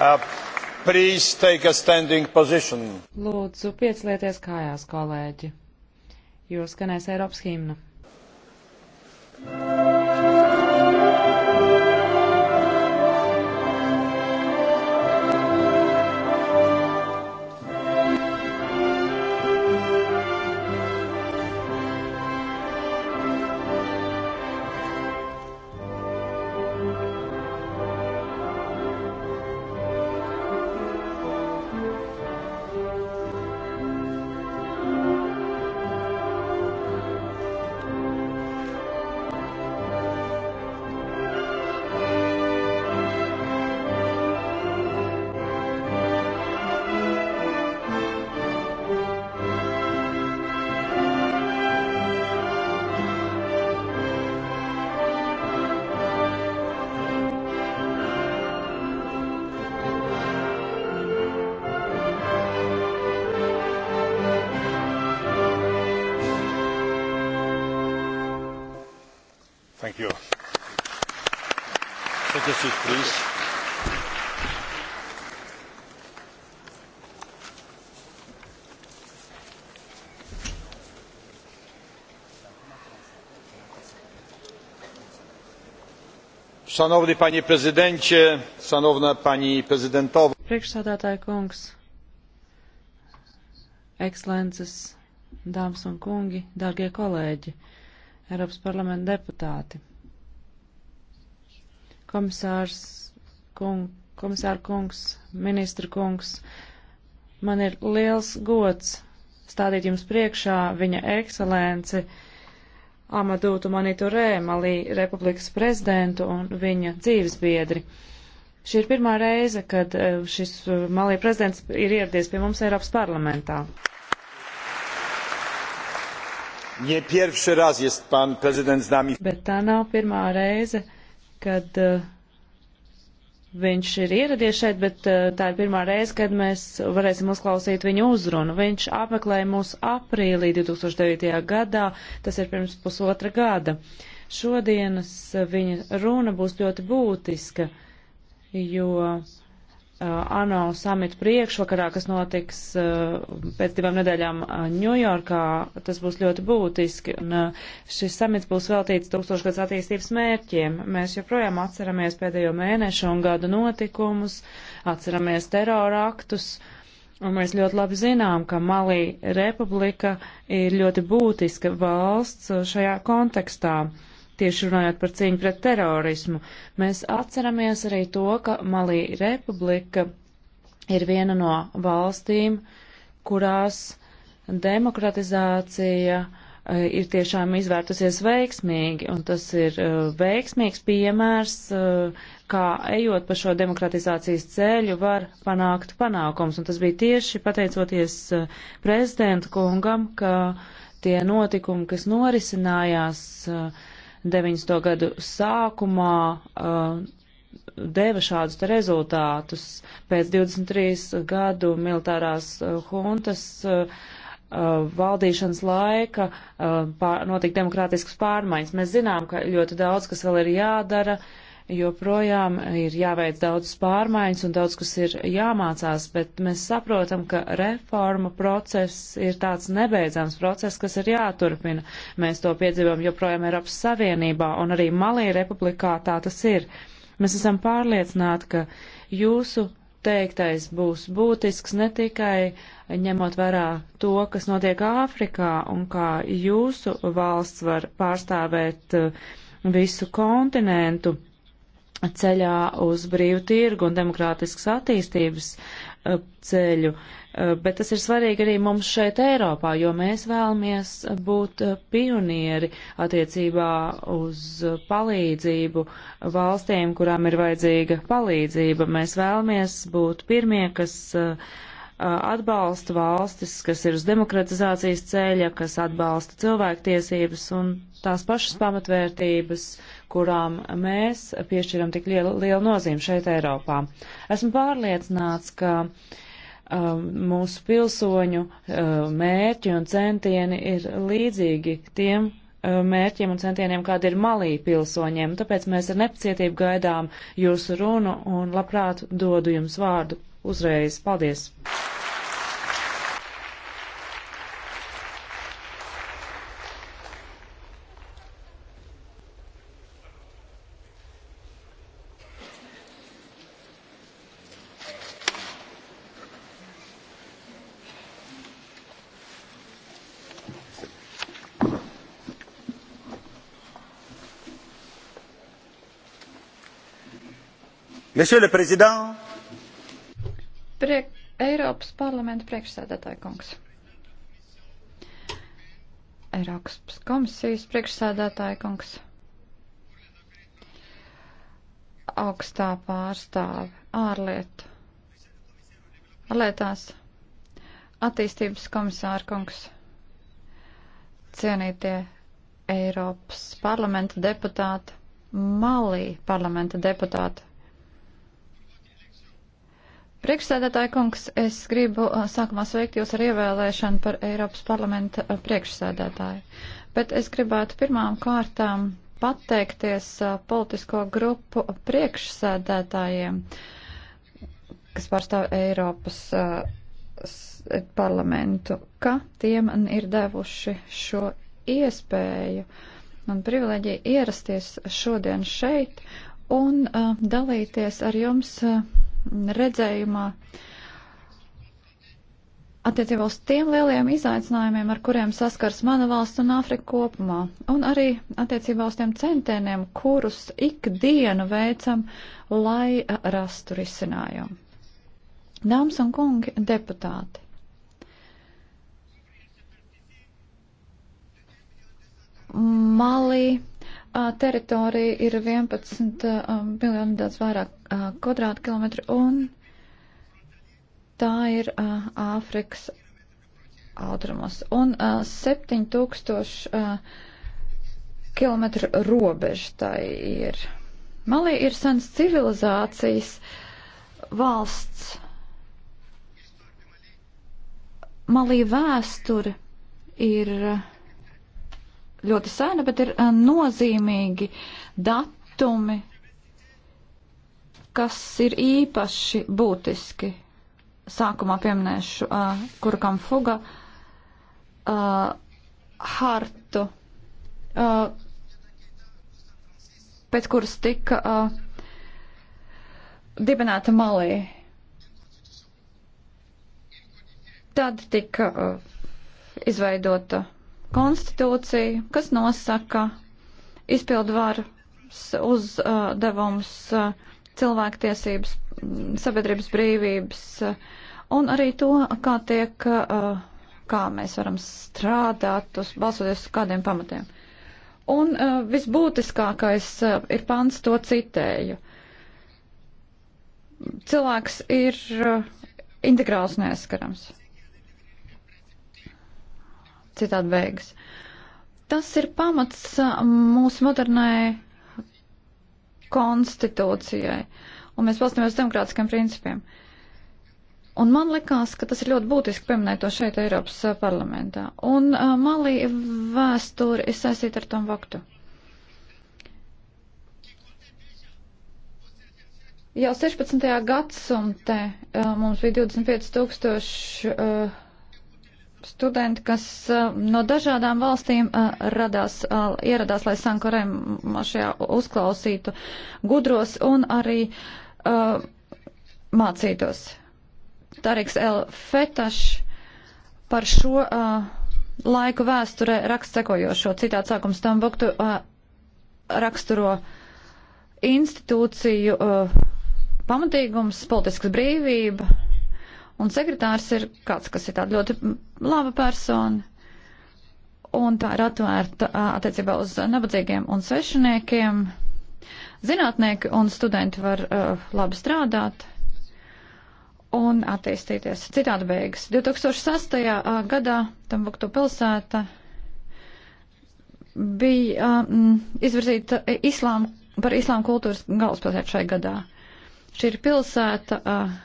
Uh, please take a standing position. Lūdzu, pieclieties kājās, kolēģi, jo skanēs Eiropas himna. Take a seat, please. Szanowny panie prezydencie, szanowna pani prezydentowa. Priekšsādātāja kungs, ekscelences, dāmas un kungi, dārgie kolēģi, Eiropas parlamenta deputāti. Komisārs kung, komisāra kungs, ministra kungs, man ir liels gods stādīt jums priekšā viņa ekscelenci Amadūtu Maniturē, Malī republikas prezidentu un viņa dzīvesbiedri. Šī ir pirmā reize, kad e, šis e, Malī prezidents ir ieradies pie mums Eiropas parlamentā. Nie pierwszy raz jest pan prezydent z nami. Bet tā nav pirmā reize, kad uh, viņš ir ieradies šeit, bet uh, tā ir pirmā reize, kad mēs varēsim uzklausīt viņu uzrunu. Viņš apmeklēja mūs aprīlī 2009. gadā, tas ir pirms pusotra gada. Šodienas eh, viņa runa būs ļoti būtiska, jo Uh, ANO samita priekšvakarā, kas notiks uh, pēc divām nedēļām uh, Ņujorkā, tas būs ļoti būtiski. Un šis samits būs veltīts tūkstošgads attīstības mērķiem. Mēs joprojām atceramies pēdējo mēnešu un gadu notikumus, atceramies terora aktus. Un mēs ļoti labi zinām, ka Malī republika ir ļoti būtiska valsts šajā kontekstā. Uh, tieši runājot par cīņu pret terorismu. Mēs atceramies arī to, ka Malī Republika ir viena no valstīm, kurās demokratizācija eh, ir tiešām izvērtusies veiksmīgi, un tas ir eh, veiksmīgs piemērs, eh, kā ejot pa šo demokratizācijas ceļu var panākt panākums. Un tas bija tieši pateicoties prezidentu kungam, ka tie notikumi, kas norisinājās, uh, 90. gadu sākumā uh, deva šādus rezultātus. Pēc 23 gadu militārās uh, huntas uh, uh valdīšanas laika uh, pār, notika demokrātiskas pārmaiņas. Mēs zinām, ka ļoti daudz, kas vēl ir jādara, joprojām ir jāveic daudzas pārmaiņas un daudz, kas ir jāmācās, bet mēs saprotam, ka reforma process ir tāds nebeidzams process, kas ir jāturpina. Mēs to piedzīvam joprojām Eiropas Savienībā un arī Malī republikā tā tas ir. Mēs esam pārliecināti, ka jūsu teiktais būs būtisks ne tikai ņemot vērā to, kas notiek Āfrikā un kā jūsu valsts var pārstāvēt uh, visu kontinentu, ceļā uz brīvu tirgu un demokrātiskas attīstības uh, ceļu, uh, bet tas ir svarīgi arī mums šeit Eiropā, jo mēs vēlamies būt uh, pionieri attiecībā uz palīdzību valstīm, kurām ir vajadzīga palīdzība. Mēs vēlamies būt pirmie, kas atbalsta valstis, kas ir uz demokratizācijas ceļa, kas atbalsta cilvēktiesības un tās pašas pamatvērtības. Uh, kurām mēs piešķiram tik lielu, lielu nozīmi šeit Eiropā. Esmu pārliecināts, ka um, mūsu pilsoņu uh, mērķi un centieni ir līdzīgi tiem uh, mērķiem un centieniem, kāda ir malī pilsoņiem. Tāpēc mēs ar nepacietību gaidām jūsu runu un labprāt dodu jums vārdu uzreiz. Paldies! Monsieur le Président! Priek Eiropas parlamenta priekšsēdētāja kungs. Eiropas komisijas priekšsēdētāja kungs. Augstā pārstāve ārlietu. Lietās attīstības komisāra kungs. Cienītie Eiropas parlamenta deputāti, Malī parlamenta deputāti, Priekšsēdētāji kungs, es gribu sākumā sveikt jūs ar ievēlēšanu par Eiropas parlamenta priekšsēdētāju, bet es gribētu pirmām kārtām pateikties politisko grupu priekšsēdētājiem, kas pārstāv Eiropas parlamentu, ka tie man ir devuši šo iespēju un privileģiju ierasties šodien šeit un uh, dalīties ar jums. Uh, redzējumā attiecībā uz tiem lieliem izaicinājumiem, ar kuriem saskars mana valsts un Āfrika kopumā, un arī attiecībā uz tiem centieniem, kurus ikdienu veicam, lai rastu risinājumu. Dāmas un kungi, deputāti! Malī teritorija ir 11 miljoni daudz vairāk kvadrātkilometru un tā ir Āfrikas austrumos. Un 7000 kilometru robeža tai ir. Malī ir sens civilizācijas valsts. Malī vēsture ir. Uh, ļoti sena, bet ir eh, nozīmīgi datumi, kas ir īpaši būtiski. Sākumā pieminēšu uh, eh, Kurkam Fuga uh, eh, hartu, uh, pēc kuras tika uh, dibināta Malī. Tad tika uh, izveidota konstitūciju, kas nosaka izpildu varas uzdevums, uh, uh, cilvēktiesības, mm, sabiedrības brīvības uh, un arī to, kā tiek, kā mēs varam strādāt, uz, balsoties uz kādiem pamatiem. Un visbūtiskākais ir pants, to citēju. Cilvēks ir integrāls neaizskarams citādi beigas. Tas ir pamats uh, mūsu modernai konstitūcijai, un mēs balstamies demokrātiskiem principiem. Un man likās, ka tas ir ļoti būtiski pieminēt to šeit Eiropas uh, parlamentā. Un uh, Malī vēsturi ir saistīta ar tom vaktu. Jau 16. gadsimtē uh, mums bija 25 tūkstoši uh, studenti, kas uh, no dažādām valstīm uh, radās, uh, ieradās, lai Sankorēm šajā uzklausītu gudros un arī uh, mācītos. Tariks L. Fetašs par šo uh, laiku vēsturē raksts sekojošo. Citāts sākums tam buktu uh, raksturo institūciju pamatīgums, politiskas brīvība, Un sekretārs ir kāds, kas ir tāda ļoti laba persona. Un tā ir atvērta attiecībā uz nabadzīgiem un svešiniekiem. Zinātnieki un studenti var uh, labi strādāt un attīstīties. Citādi beigas. 2006. gadā Tambuktu pilsēta bija um, izvirzīta islām, par islām kultūras galvaspilsētu šai gadā. Šī ir pilsēta. Uh,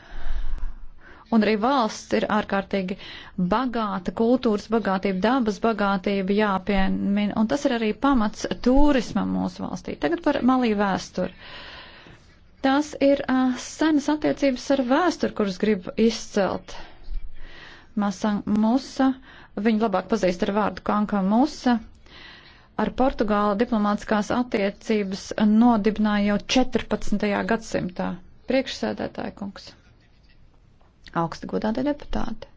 Un arī valsts ir ārkārtīgi bagāta, kultūras bagātība, dabas bagātība jāpiemina. Un tas ir arī pamats turismam mūsu valstī. Tagad par Malī vēsturi. Tās ir uh, senas attiecības ar vēsturi, kuras grib izcelt. Masang Musa, viņu labāk pazīst ar vārdu Kanka Musa, ar Portugālu diplomātiskās attiecības nodibināja jau 14. gadsimtā. Priekšsēdētāja kungs augsta godāta deputāte.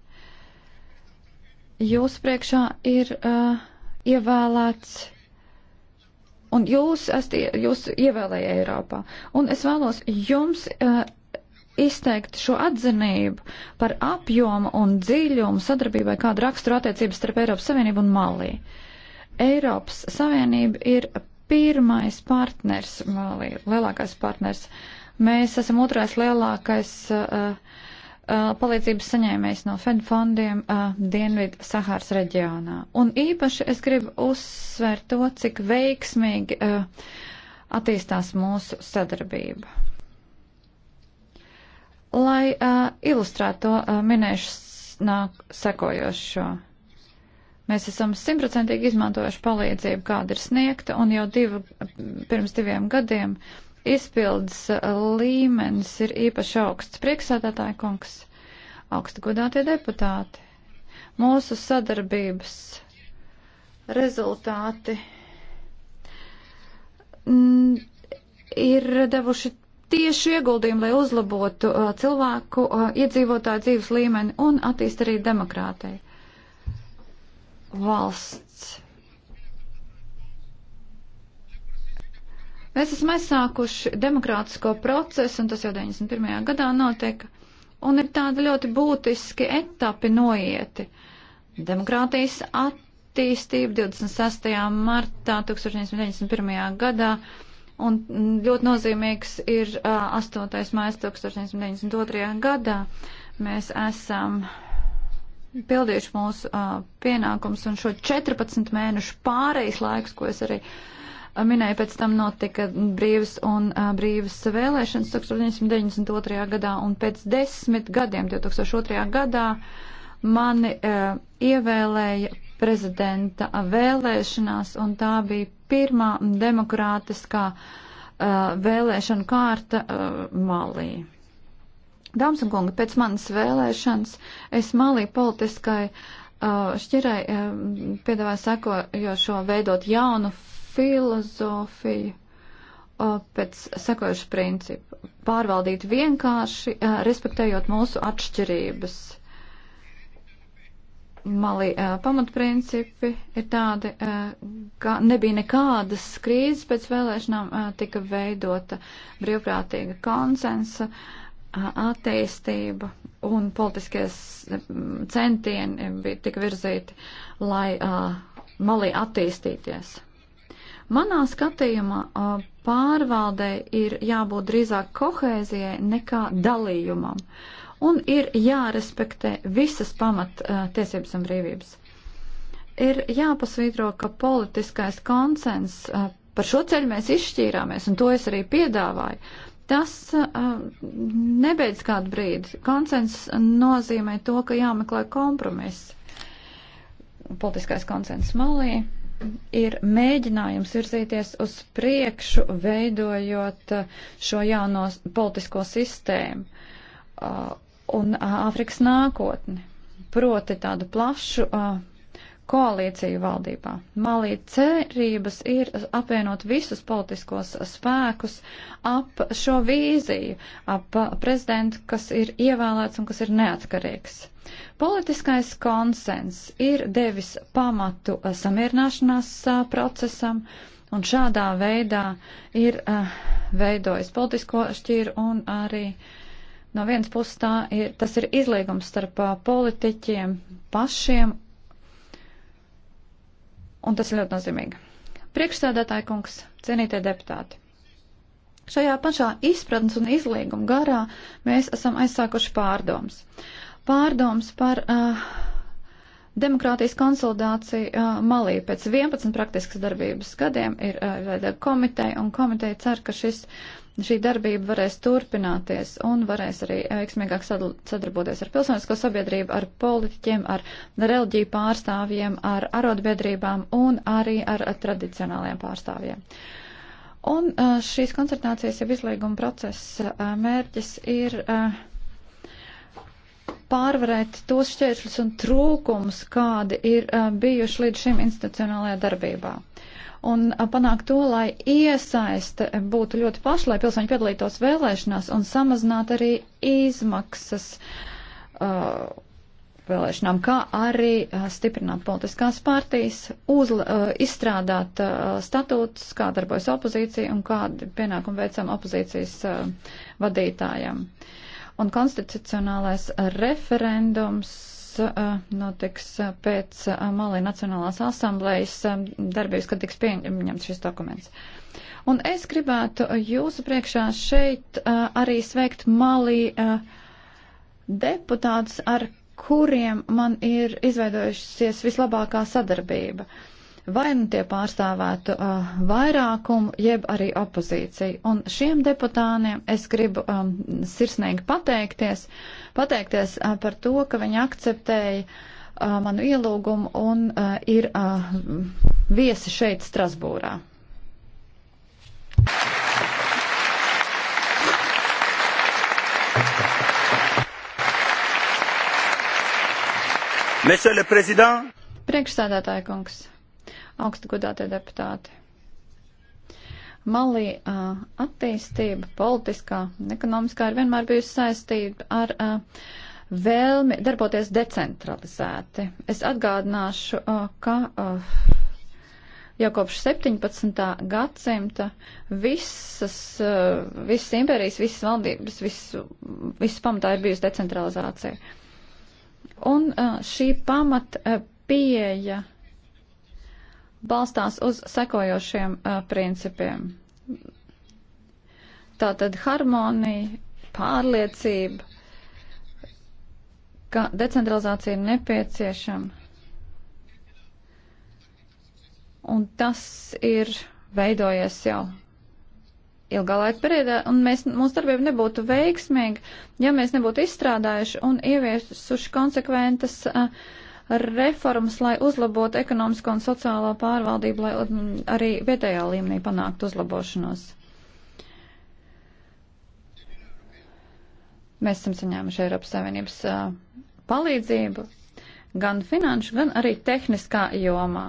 Jūsu priekšā ir uh, ievēlēts, un jūs esat, jūs ievēlēja Eiropā, un es vēlos jums uh, izteikt šo atzinību par apjomu un dziļumu sadarbībai, kāda rakstura attiecības starp Eiropas Savienību un Malī. Eiropas Savienība ir pirmais partners Malī, lielākais partners. Mēs esam otrais lielākais. Uh, Uh, palīdzības saņēmējs no Fed fondiem uh, Dienvidu Sahāras reģionā. Un īpaši es gribu uzsvērt to, cik veiksmīgi uh, attīstās mūsu sadarbība. Lai uh, ilustrētu to, uh, minēšu nāk sekojošo. Mēs esam simtprocentīgi izmantojuši palīdzību, kāda ir sniegta, un jau divu, pirms diviem gadiem izpildes uh, līmenis ir īpaši augsts. Priekšsādātāja kungs, augsti godātie deputāti, mūsu sadarbības rezultāti mm, ir devuši tieši ieguldījumu, lai uzlabotu uh, cilvēku uh, iedzīvotāju dzīves līmeni un attīst arī demokrātiju. Valsts Mēs esam aizsākuši demokrātisko procesu, un tas jau 91. gadā notika, un ir tādi ļoti būtiski etapi noieti. Demokrātijas attīstība 26. martā 1991. gadā, un ļoti nozīmīgs ir 8. mājas 1992. gadā. Mēs esam pildījuši mūsu pienākums, un šo 14 mēnešu pārejas laiks, ko es arī. Uh, minēja, pēc tam notika brīvas un uh, brīvas vēlēšanas 1992. gadā, un pēc desmit gadiem, 2002. gadā, mani uh, ievēlēja prezidenta vēlēšanās, un tā bija pirmā demokrātiskā uh, vēlēšana kārta uh, Malī. Dāmas un kungi, pēc manas vēlēšanas es Malī politiskai uh, šķirai uh, piedāvāju sekojošo veidot jaunu filozofiju pēc sekojuša principa - pārvaldīt vienkārši, respektējot mūsu atšķirības. Mali pamatprincipi ir tādi, ka nebija nekādas krīzes pēc vēlēšanām, tika veidota brīvprātīga konsensa, attīstība un politiskie centieni bija tik virzīti, lai malī attīstīties. Manā skatījumā pārvaldē ir jābūt drīzāk kohēzijai nekā dalījumam, un ir jārespektē visas pamat tiesības un brīvības. Ir jāpasvītro, ka politiskais konsens par šo ceļu mēs izšķīrāmies, un to es arī piedāvāju. Tas uh, nebeidz kādu brīdi. Konsens nozīmē to, ka jāmeklē kompromiss. Politiskais konsens malī, ir mēģinājums virzīties uz priekšu, veidojot uh, šo jauno politisko sistēmu uh, un uh, Āfrikas nākotni, proti tādu plašu koalīciju valdībā. Malī cerības ir apvienot visus politiskos spēkus ap šo vīziju, ap prezidentu, kas ir ievēlēts un kas ir neatkarīgs. Politiskais konsens ir devis pamatu samierināšanās procesam, un šādā veidā ir veidojis politisko šķīru un arī no vienas puses tā ir, tas ir izlīgums starp politiķiem pašiem Un tas ir ļoti nozīmīgi. Priekšsēdētāji kungs, cienītie deputāti. Šajā pašā izpratnes un izlīguma garā mēs esam aizsākuši pārdomas. Pārdomas par uh, Demokrātijas konsolidācija uh, Malī pēc 11 praktiskas darbības gadiem ir veida uh, komiteja, un komiteja cer, ka šis, šī darbība varēs turpināties un varēs arī veiksmīgāk sadarboties ar pilsonisko sabiedrību, ar politiķiem, ar reliģiju pārstāvjiem, ar arotbiedrībām un arī ar tradicionālajiem pārstāvjiem. Un uh, šīs koncertācijas jau izlīguma procesa mērķis ir pārvarēt tos šķēršļus un trūkums, kādi ir eh, bijuši līdz šim institucionālajā darbībā. Un eh, panākt to, lai iesaiste būtu ļoti plaša, lai pilsoņi piedalītos vēlēšanās un samazināt arī izmaksas uh, vēlēšanām, kā arī uh, stiprināt politiskās partijas, uzla, uh, izstrādāt uh, statūtus, kā darbojas opozīcija un kādi pienākumi veicam opozīcijas uh, vadītājiem. Uh, Un konstitucionālais referendums uh, notiks uh, pēc uh, Malī Nacionālās asamblējas um, darbības, kad tiks pieņemts šis dokuments. Un es gribētu jūsu priekšā šeit arī sveikt Malī deputātus, ar kuriem man ir izveidojusies vislabākā sadarbība. Uh, vai nu tie pārstāvētu uh, vairākumu, jeb arī opozīciju. Un šiem deputāniem es gribu um, sirsnīgi pateikties, pateikties uh, par to, ka viņi akceptēja uh, manu ielūgumu un uh, ir uh, viesi šeit Strasbūrā. Monsieur le Président, Priekšsēdētāja kungs augstu godātie deputāti. Malī attīstība politiskā un ekonomiskā ir vienmēr bijusi saistība ar vēlmi darboties decentralizēti. Es atgādināšu, ka jau kopš 17. gadsimta visas, visas impērijas, visas valdības, visu, visu pamatā ir bijusi decentralizācija. Un šī pamata pieeja balstās uz sekojošiem uh, principiem. Tātad harmonija, pārliecība, ka decentralizācija ir nepieciešama. Un tas ir veidojies jau ilgā laika periodā, un mēs, mūsu darbība nebūtu veiksmīga, ja mēs nebūtu izstrādājuši un ieviesuši konsekventas uh, reformas, lai uzlabotu ekonomisko un sociālo pārvaldību, lai arī vietējā līmenī panāktu uzlabošanos. Mēs esam saņēmuši Eiropas Savienības palīdzību gan finanšu, gan arī tehniskā jomā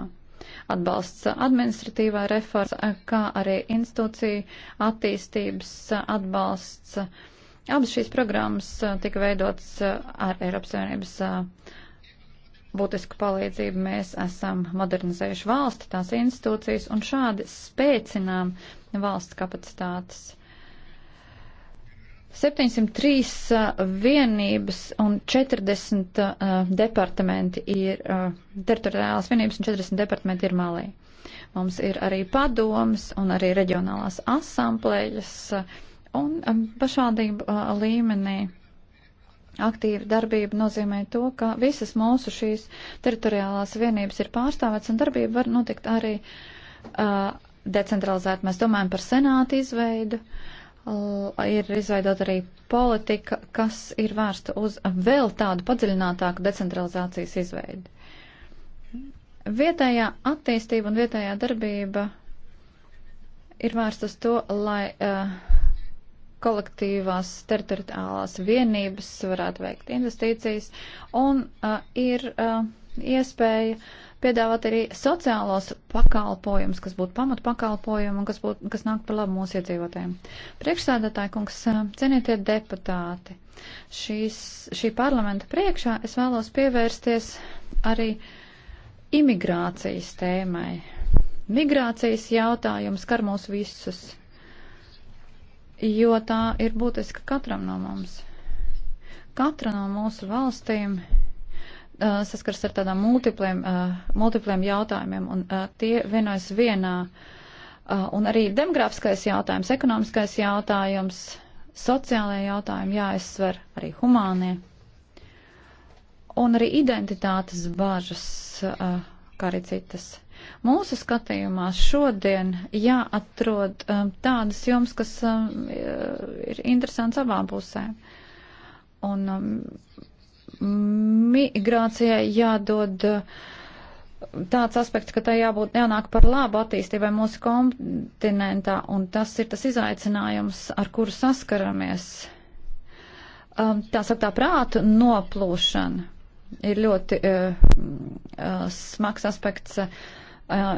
atbalsts administratīvā reforma, kā arī institūcija attīstības atbalsts. Abas šīs programmas tika veidotas ar Eiropas Savienības būtisku palīdzību mēs esam modernizējuši valsti, tās institūcijas un šādi spēcinām valsts kapacitātes. 703 vienības un 40 uh, departamenti ir, uh, teritoriālās vienības un 40 departamenti ir malī. Mums ir arī padomas un arī reģionālās asamblējas un pašvaldību uh, līmenī aktīva darbība nozīmē to, ka visas mūsu šīs teritoriālās vienības ir pārstāvēts un darbība var notikt arī uh, decentralizēt. Mēs domājam par senātu izveidu, uh, ir izveidot arī politika, kas ir vērsta uz vēl tādu padziļinātāku decentralizācijas izveidu. Vietējā attīstība un vietējā darbība ir vērsta uz to, lai uh, kolektīvās teritoriālās vienības varētu veikt investīcijas un uh, ir uh, iespēja piedāvāt arī sociālos pakalpojumus, kas būtu pamatpakalpojumi un kas, būtu, kas nāk par labu mūsu iedzīvotājiem. Priekšsēdētāji, kungs, cenietie deputāti, šīs, šī parlamenta priekšā es vēlos pievērsties arī imigrācijas tēmai. Migrācijas jautājums skar mūs visus jo tā ir būtiska katram no mums. Katra no mūsu valstīm uh, saskars ar tādām multipliem, uh, multipliem jautājumiem, un uh, tie vienojas vienā. Uh, un arī demogrāfiskais jautājums, ekonomiskais jautājums, sociālajie jautājumi jāizsver, arī humānie. Un arī identitātes bažas. Uh, kā arī citas. Mūsu skatījumā šodien jāatrod um, tādas jomas, kas um, ir interesants abām pusēm. Un um, migrācijai jādod uh, tāds aspekts, ka tai jābūt jānāk par labu attīstībai mūsu kontinentā, un tas ir tas izaicinājums, ar kuru saskaramies. Um, tā saka, tā prātu noplūšana ir ļoti uh, uh, smags aspekts. Uh,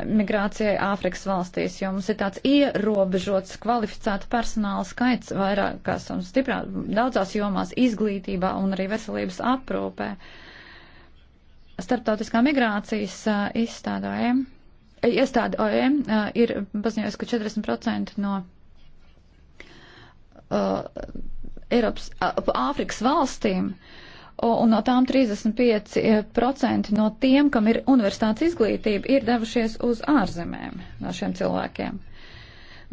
migrācijai Āfrikas valstīs, jo mums ir tāds ierobežots kvalificēta personāla skaits vairākās un stiprāk daudzās jomās izglītībā un arī veselības aprūpē. Starptautiskā migrācijas izstāde OEM, iestāde OEM ir paziņojusi, ka 40% no uh, Eiropas, Āfrikas valstīm uh, un no tām 35% eh, no tiem, kam ir universitātes izglītība, ir devušies uz ārzemēm no šiem cilvēkiem.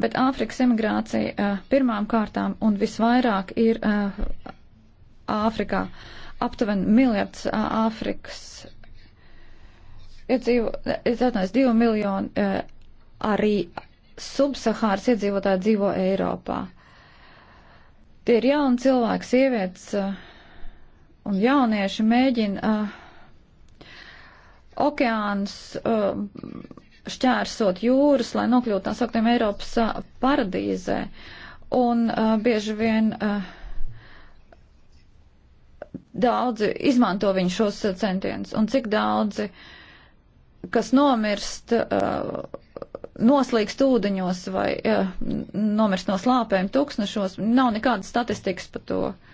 Bet Āfrikas emigrācija eh, pirmām kārtām un visvairāk ir eh, Āfrikā. Aptuveni miljards Āfrikas iedzīvo, es atnāju, divi miljoni arī subsahāras iedzīvotāji dzīvo Eiropā. Tie ir jauni cilvēki, sievietes, uh, un jaunieši mēģina uh, okeāns uh, šķērsot jūras, lai nokļūtu tā sauktiem Eiropas uh, paradīzē. Un uh, bieži vien uh, daudzi izmanto viņu šos uh, centienus. Un cik daudzi, kas nomirst, uh, noslīkst ūdeņos vai uh, nomirst no slāpēm tūkstnešos, nav nekādas statistikas par to. Uh,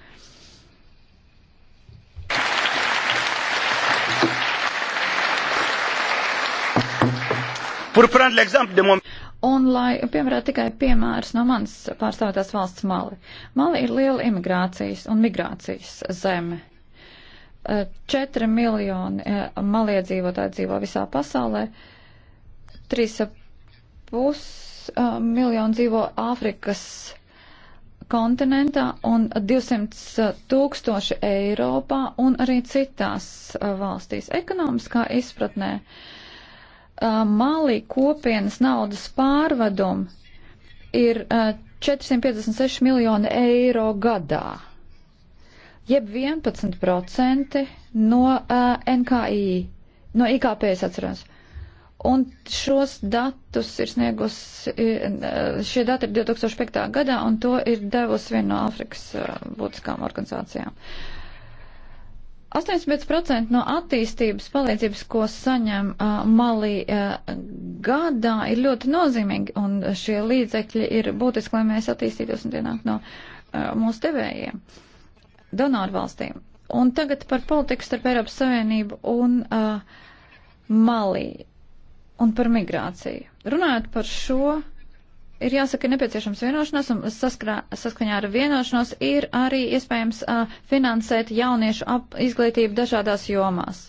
Un, lai piemērētu tikai piemērs no manas pārstāvotās valsts Mali. Mali ir liela imigrācijas un migrācijas zeme. 4 eh, miljoni eh, maliedzīvotāji dzīvo visā pasaulē, 3,5 eh, miljoni dzīvo Āfrikas kontinentā un 200 tūkstoši Eiropā un arī citās valstīs. Ekonomiskā izpratnē uh, Uh, Mali kopienas naudas pārvadumi ir 456 uh, miljoni eiro gadā, jeb 11% no uh, NKI, no IKP es atceros. Un šos datus ir sniegus, šie dati ir 2005. gadā, un to ir devusi viena no Āfrikas būtiskām organizācijām. Uh, 85% no attīstības palīdzības, ko saņem uh, Malī uh, gadā, ir ļoti nozīmīgi, un šie līdzekļi ir būtiski, lai mēs attīstītos un ienāk no uh, mūsu devējiem, donoru valstīm. Un tagad par politiku starp Eiropas Savienību un uh, Malī un par migrāciju. Runājot par šo ir jāsaka, ir nepieciešams vienošanās, un saskrā, saskaņā ar vienošanos ir arī iespējams uh, finansēt jauniešu ap, izglītību dažādās jomās.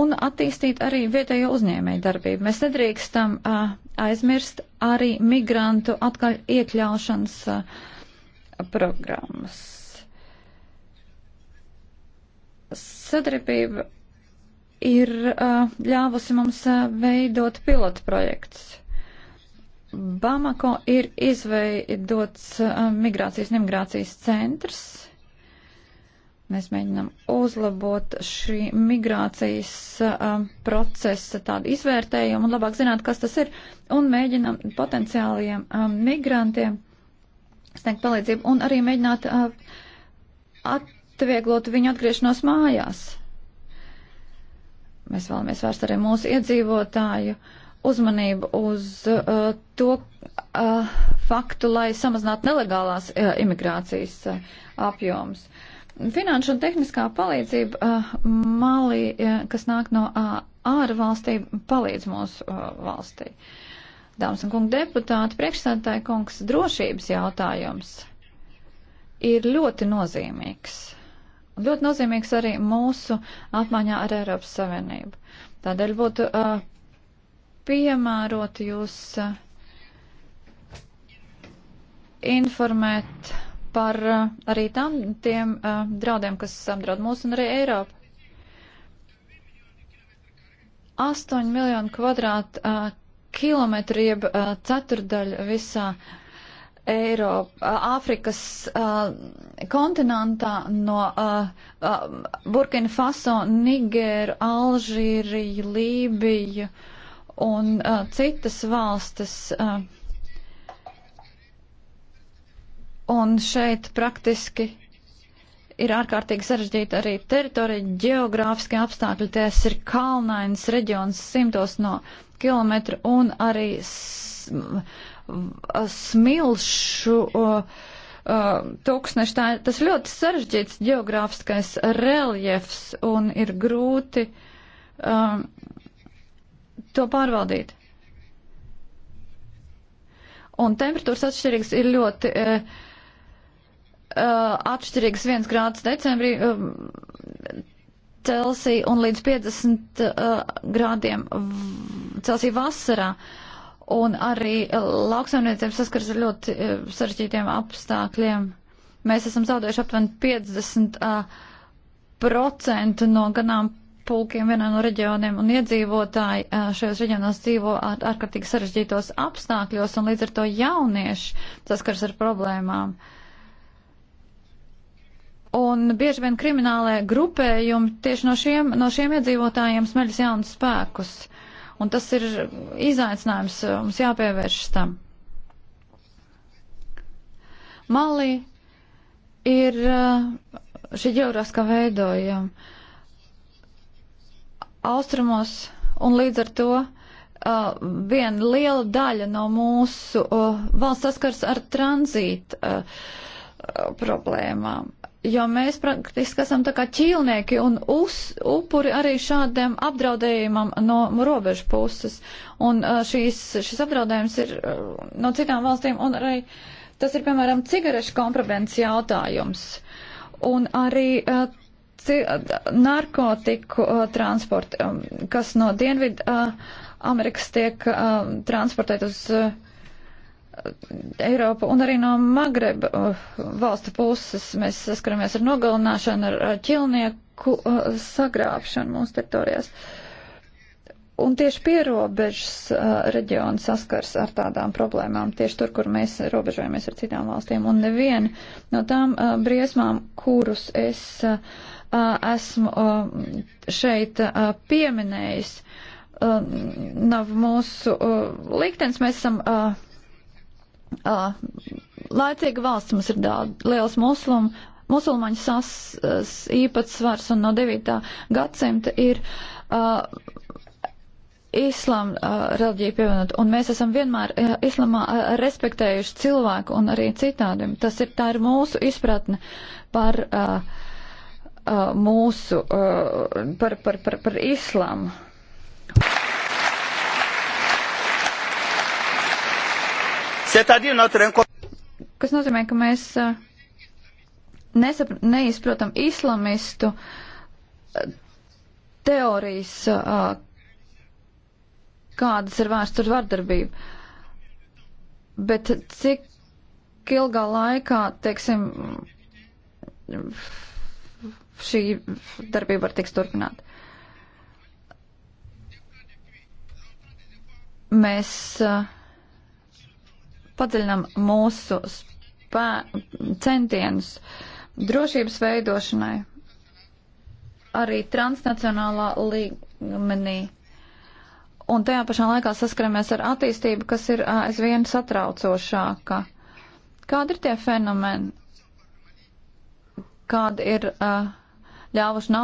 Un attīstīt arī vietējo uzņēmēju darbību. Mēs nedrīkstam uh, aizmirst arī migrantu atkal iekļaušanas uh, programmas. Sadarbība ir uh, ļāvusi mums uh, veidot pilotu projekts Bamako ir izveidots eh, migrācijas un imigrācijas centrs. Mēs mēģinām uzlabot šī migrācijas uh, procesa tādu izvērtējumu un labāk zināt, kas tas ir, un mēģinām potenciāliem uh, migrantiem sniegt palīdzību un arī mēģināt uh, atvieglot viņu atgriešanos mājās. Mēs vēlamies vērst arī mūsu iedzīvotāju uh, uzmanību uz uh, to uh, faktu, lai samazinātu nelegālās uh, imigrācijas uh, apjoms. Finanšu un tehniskā palīdzība uh, Malī, uh, kas nāk no uh, ārvalstī, palīdz mūsu uh, valstī. Dāmas un kungi deputāti, priekšsēdētāji kungs, drošības jautājums ir ļoti nozīmīgs. Ļoti nozīmīgs arī mūsu apmaiņā ar Eiropas Savienību. Tādēļ būtu uh, piemēroti jūs eh, informēt par eh, arī tam, tiem eh, draudiem, kas apdraud mūs un arī Eiropu. 8 miljonu kvadrātu kilometru jeb ceturdaļu visā Eiropa, Āfrikas uh, kontinentā no uh, uh, Burkina Faso, Nigēru, Alžīriju, Lībiju. Uh, un uh, citas valstis. Uh, un šeit praktiski ir ārkārtīgi sarežģīta arī teritorija, geogrāfiskie apstākļi, tās ir kalnains reģions simtos no kilometru un arī smilšu uh, uh, tūkstneši. Tā, tas ļoti sarežģīts geogrāfiskais reljefs un ir grūti um, uh, to pārvaldīt. Un temperatūras atšķirīgas ir ļoti uh, eh, eh, atšķirīgas 1 grāds decembrī uh, Celsija un līdz 50 uh, grādiem Celsija vasarā. Un arī lauksaimniecība saskars ar ļoti uh, sarežģītiem apstākļiem. Mēs esam zaudējuši aptuveni 50 uh, procentu no ganām pulkiem vienā no reģioniem un iedzīvotāji eh, šajos reģionos dzīvo ārkārtīgi sarežģītos apstākļos un līdz ar to jaunieši saskars ar problēmām. Un bieži vien kriminālē grupējumi tieši no šiem, no šiem iedzīvotājiem smeļas jaunus spēkus. Un tas ir izaicinājums, eh, mums jāpievēršas tam. Mali ir eh, šī ģeogrāfiskā veidojuma austrumos, un līdz ar to uh, viena liela daļa no mūsu uh, valsts saskars ar tranzītu uh, uh, problēmām. Jo mēs praktiski esam tā kā ķīlnieki un uz, upuri arī šādiem apdraudējumam no robežu puses. Un uh, šīs, šis apdraudējums ir uh, no citām valstīm un arī tas ir, piemēram, cigarešu kontrabandas jautājums. Un arī uh, narkotiku uh, transportu, um, kas no Dienvidu uh, Amerikas tiek uh, transportēt uz uh, Eiropu un arī no Magreba uh, valstu puses. Mēs saskaramies ar nogalināšanu, ar, ar ķilnieku uh, sagrābšanu mūsu teritorijās. Un tieši pierobežas uh, reģiona saskars ar tādām problēmām, tieši tur, kur mēs robežojamies ar citām valstīm. Un neviena no tām uh, briesmām, kurus es uh, esmu šeit pieminējis. Nav mūsu liktenis, mēs esam laicīga valsts, mums ir daudz liels musulmu. Musulmaņu sas, īpatsvars un no 9. gadsimta ir uh, islāma uh, reliģija pievienot, un mēs esam vienmēr uh, islamā uh, respektējuši cilvēku un arī citādiem. Tas ir, tā ir mūsu izpratne par uh, uh, mūsu, uh, par, par, par, par islāmu. Nu, Kas nozīmē, ka mēs uh, nesap, neizprotam islamistu uh, teorijas, uh, kādas ir vērstas uz vardarbību. Bet cik ilgā laikā, teiksim, šī darbība var tiks turpināt. Mēs eh, padziļinam mūsu spē, centienus drošības veidošanai arī transnacionālā līmenī. Un tajā pašā laikā saskaramies ar attīstību, kas ir eh, aizvien satraucošāka. Kādi ir tie fenomeni? Kāda ir uh, ļāvuši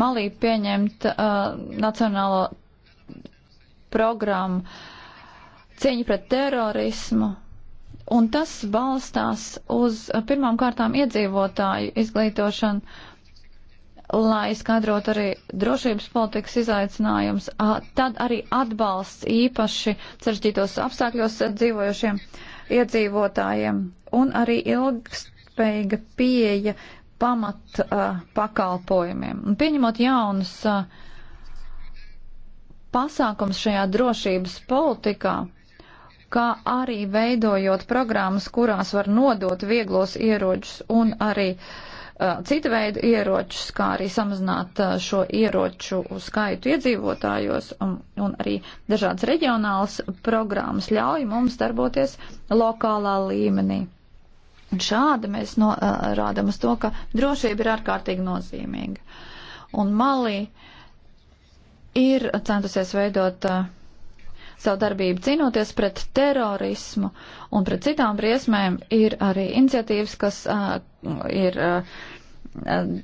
malī pieņemt uh, nacionālo programmu cīņu pret terorismu. Un tas balstās uz uh, pirmām kārtām iedzīvotāju izglītošanu, lai skaidrot arī drošības politikas izaicinājums, tad arī atbalsts īpaši sarežģītos apstākļos dzīvojošiem iedzīvotājiem un arī ilgspējīga pieeja pamat uh, pakalpojumiem. Un pieņemot jaunus uh, pasākums šajā drošības politikā, kā arī veidojot programmas, kurās var nodot vieglos ieročus un arī uh, cita veida ieročus, kā arī samazināt uh, šo ieroču skaitu iedzīvotājos un, un arī dažādas reģionālas programmas ļauj mums darboties lokālā līmenī. Un šādi mēs norādam uz to, ka drošība ir ārkārtīgi nozīmīga. Un Malī ir centusies veidot uh, savu darbību cīnoties pret terorismu un pret citām briesmēm, ir arī iniciatīvas, kas uh, ir uh,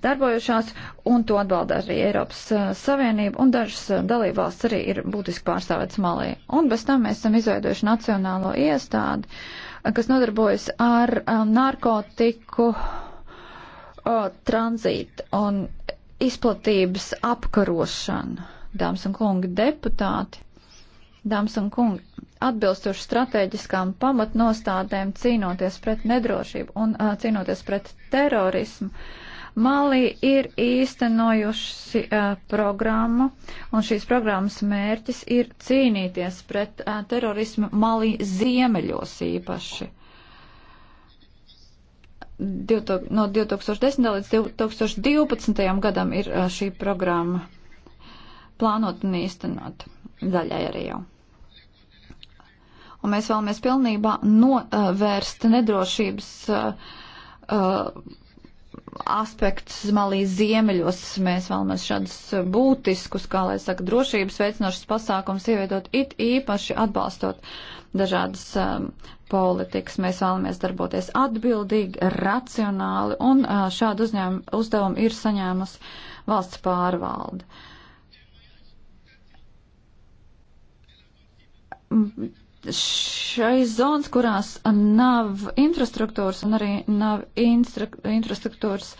darbojušās, un to atbalda arī Eiropas uh, Savienība, un dažas uh, dalībvalsts arī ir būtiski pārstāvētas malī. Un bez tam mēs esam izveidojuši nacionālo iestādi, uh, kas nodarbojas ar um, narkotiku uh, tranzītu un izplatības apkarošanu. Dāmas un kungi deputāti, dāmas un kungi, atbilstoši strateģiskām pamatnostādēm cīnoties pret nedrošību un uh, cīnoties pret terorismu. Uh, Mali ir īstenojuši uh, programmu, un šīs programmas mērķis ir cīnīties pret uh, terorismu Mali ziemeļos īpaši. Divto, no 2010. līdz 2012. gadam ir uh, šī programma plānot un īstenot daļai arī jau. Un mēs vēlamies pilnībā novērst nedrošības uh, uh, aspekts Malī ziemeļos. Mēs vēlamies šādus būtiskus, kā lai saka, drošības veicinošas pasākums ievietot it īpaši atbalstot dažādas um, politikas. Mēs vēlamies darboties atbildīgi, racionāli, un uh, šādu uzņēmumu uzdevumu ir saņēmusi valsts pārvalde šai zonas, kurās nav infrastruktūras un arī nav infrastruktūras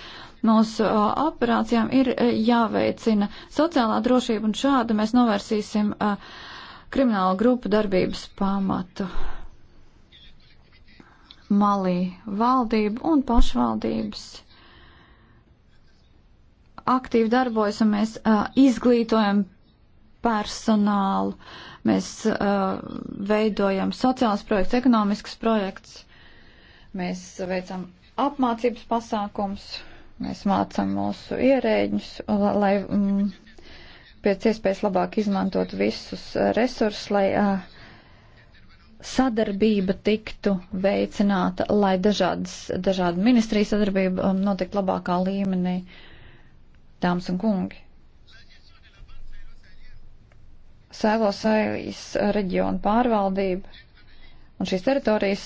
mūsu operācijām, ir jāveicina sociālā drošība un šādi mēs novērsīsim kriminālu grupu darbības pamatu. Malī valdība un pašvaldības aktīvi darbojas un mēs uh, izglītojam personālu, mēs uh, veidojam sociāls projekts, ekonomisks projekts, mēs veicam apmācības pasākums, mēs mācam mūsu ierēģus, lai mm, pēc iespējas labāk izmantot visus resursus, lai uh, sadarbība tiktu veicināta, lai dažādas, dažāda ministrija sadarbība um, notiktu labākā līmenī, dāmas un kungi. Sēlosaijas reģiona pārvaldība un šīs teritorijas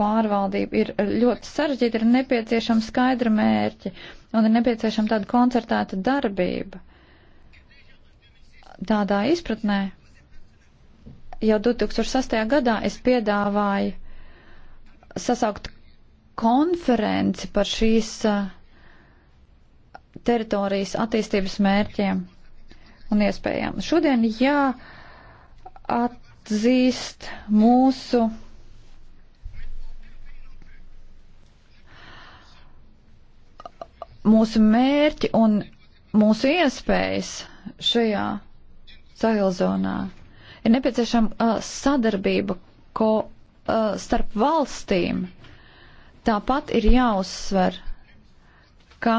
pārvaldība ir ļoti sarežģīta, ir nepieciešama skaidra mērķi un ir nepieciešama tāda koncertēta darbība. Tādā izpratnē jau 2006. gadā es piedāvāju sasaukt konferenci par šīs teritorijas attīstības mērķiem un iespējām. Šodien jāatzīst mūsu mūsu mērķi un mūsu iespējas šajā sahelzonā. Ir nepieciešama uh, sadarbība ko, uh, starp valstīm. Tāpat ir jāuzsver, ka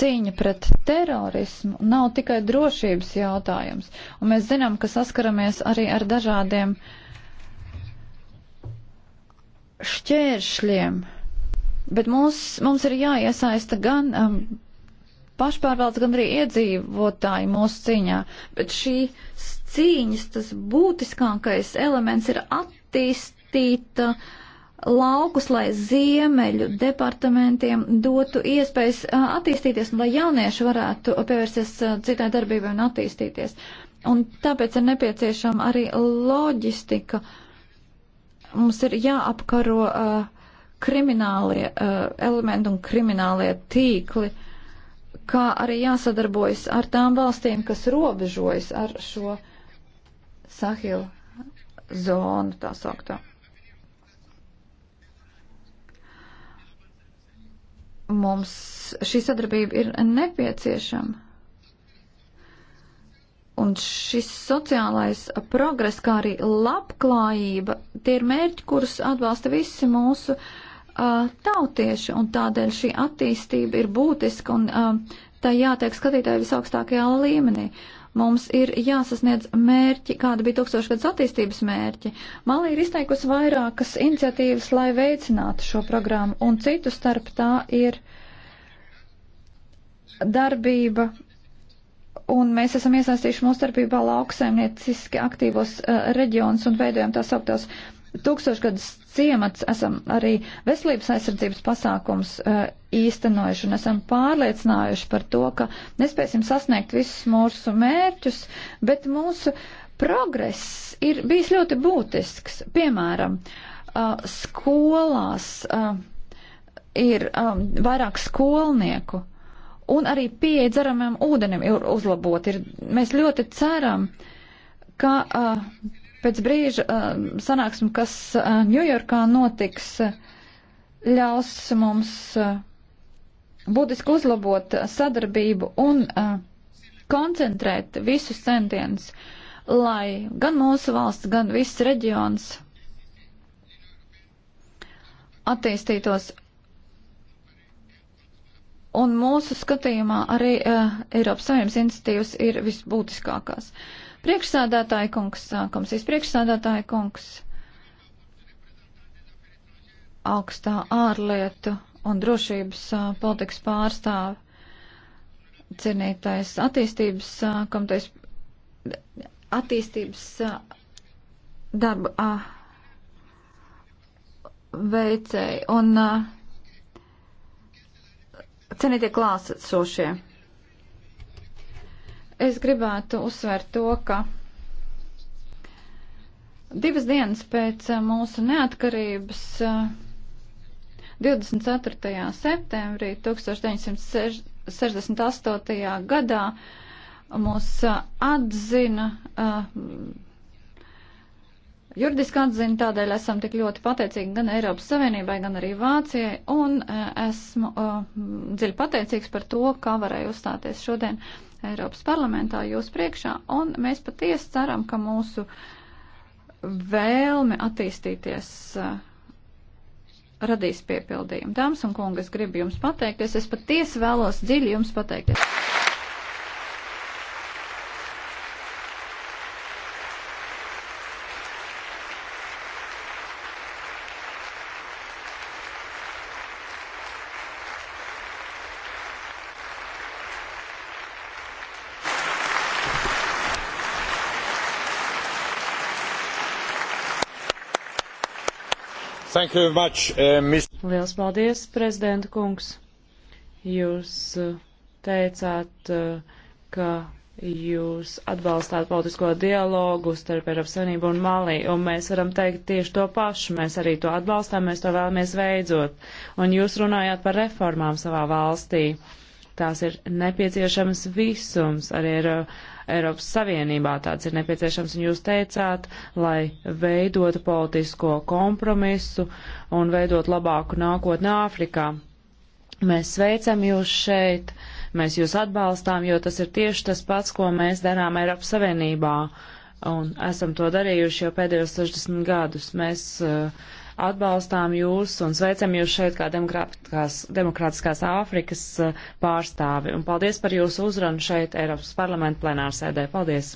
cīņa pret terorismu nav tikai drošības jautājums, un mēs zinām, ka saskaramies arī ar dažādiem šķēršļiem, bet mūs, mums ir jāiesaista gan um, pašpārvaldes, gan arī iedzīvotāji mūsu cīņā, bet šī cīņas tas būtiskākais elements ir attīstīta. Uh, laukus, lai ziemeļu departamentiem dotu iespējas attīstīties un lai jaunieši varētu pievērsties citai darbībai un attīstīties. Un tāpēc ir nepieciešama arī loģistika. Mums ir jāapkaro uh, kriminālie uh, elementi un kriminālie tīkli, kā arī jāsadarbojas ar tām valstīm, kas robežojas ar šo Sahilu zonu tā sauktā. Mums šī sadarbība ir nepieciešama. Un šis sociālais progress, kā arī labklājība, tie ir mērķi, kurus atbalsta visi mūsu uh, tautieši, un tādēļ šī attīstība ir būtiska un uh, tā jātiek skatītāji visaugstākajā līmenī. Uh, Mums ir jāsasniedz mērķi, kāda bija tūkstošgadus attīstības mērķi. Malī ir izteikusi vairākas iniciatīvas, lai veicinātu šo programmu, un citu starp tā ir darbība, un mēs esam iesaistījuši mūsu darbībā lauksaimnieciski aktīvos uh, reģionus un veidojam tās augtos tūkstošgadus ciemats esam arī veselības aizsardzības pasākums eh, īstenojuši un esam pārliecinājuši par to, ka nespēsim sasniegt visus mūsu mērķus, bet mūsu progress ir bijis ļoti būtisks. Piemēram, eh, skolās eh, ir vairāk skolnieku un arī pieeja dzeramajam ūdenim ir uzlabota. Mēs ļoti ceram, ka uh, Pēc brīža um, sanāksme, kas um, Ņujorkā notiks, ļaus mums uh, būtiski uzlabot sadarbību un uh, koncentrēt visus centienus, lai gan mūsu valsts, gan viss reģions attīstītos. Un mūsu skatījumā arī uh, Eiropas Savienības institīvas ir visbūtiskākās. Uh, Priekšsādātāja kungs, komisijas priekšsādātāja kungs, augstā ārlietu un drošības politikas pārstāve, cienītais attīstības komitejas attīstības darba veicēji un cienītie klāsošie. Es gribētu uzsvērt to, ka divas dienas pēc eh, mūsu neatkarības 24. Eh, septembrī 1968. gadā mūs eh, atzina, juridiski atzina, tādēļ esam tik ļoti pateicīgi gan Eiropas Savienībai, gan arī Vācijai, un esmu dziļi pateicīgs par to, kā varēju uzstāties šodien Eiropas parlamentā jūs priekšā, un mēs patiesi ceram, ka mūsu vēlme attīstīties uh, radīs piepildījumu. Dāmas un kungas, gribu jums pateikties, es patiesi vēlos dziļi jums pateikties. Much, uh, Liels paldies, prezidenta kungs. Jūs uh, teicāt, uh, ka jūs atbalstāt politisko dialogu starp Eiropas Savienību un Malī, un mēs varam teikt tieši to pašu. Mēs arī to atbalstām, mēs to vēlamies veidzot. Un jūs runājāt par reformām savā valstī. Uh, tās ir nepieciešams visums arī ar, Eiropas Savienībā. Tāds ir nepieciešams, un jūs teicāt, lai veidotu politisko kompromisu un veidot labāku nākotni Āfrikā. Mēs sveicam jūs šeit, mēs jūs atbalstām, jo tas ir tieši tas pats, ko mēs darām Eiropas Savienībā. Un esam to darījuši jau pēdējos 60 gadus. Mēs uh, atbalstām jūs un sveicam jūs šeit kā demokrātiskās Āfrikas eh, pārstāvi. Un paldies par jūsu uzrunu šeit Eiropas parlamenta plenārsēdē. Paldies!